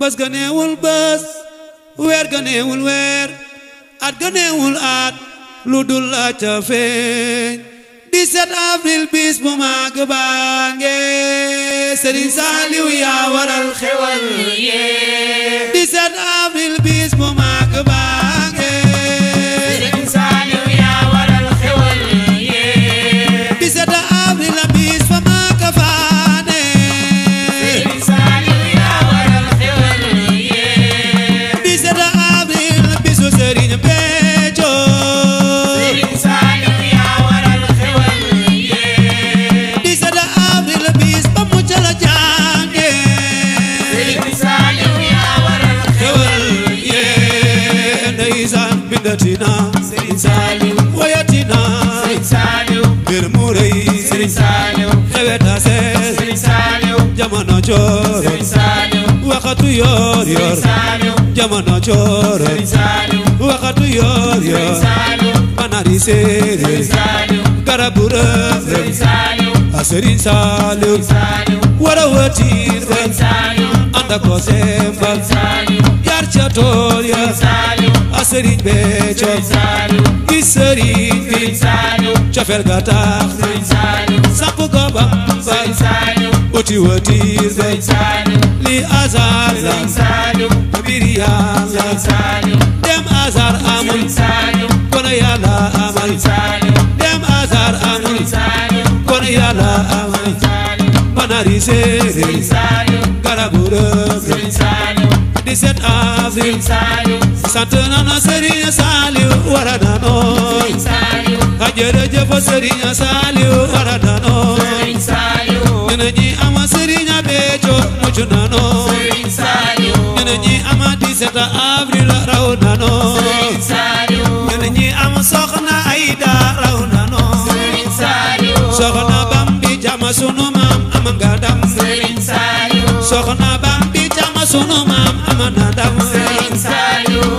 bés ga neewul bés weer ga weer at ga neewul lu dul la ca feeñ 17 avril bis bu màgg baa nge Serigne Saliou yaa waral xewal yee ndeysaan bindati naa Serigne Saliou woyati naa Serigne Saliou mbir mu rëy Serigne Saliou xewe tase Serigne Saliou jamono cooro Serigne Saliou waxatu yor yor Serigne Saliou jamono cooro Serigne Saliou waxatu yor yor Serigne Saliou banari séeréer Serigne Saliou garabu rëb Serigne Saliou a Serigne Saliou wara wëtir Serigne Saliou anda ko sembal sëriñ Béthio di sëriñ bi cofeel ga tax sapp la mbir yàlla dem azar amul kon yàlla amal dem azar amul sant nana Serigne Saliou wara nanoo ka jërëjëf Serigne Saliou wara nanoo ñene ñi ama Serigne Béthio mucc nanoo ñene ñi ama 17 avril raw nanoo ñene ñi ama soxna Aïda raw nanoo soxna Bambi jama sunu maam am nga dam soxna Bambi jama sunu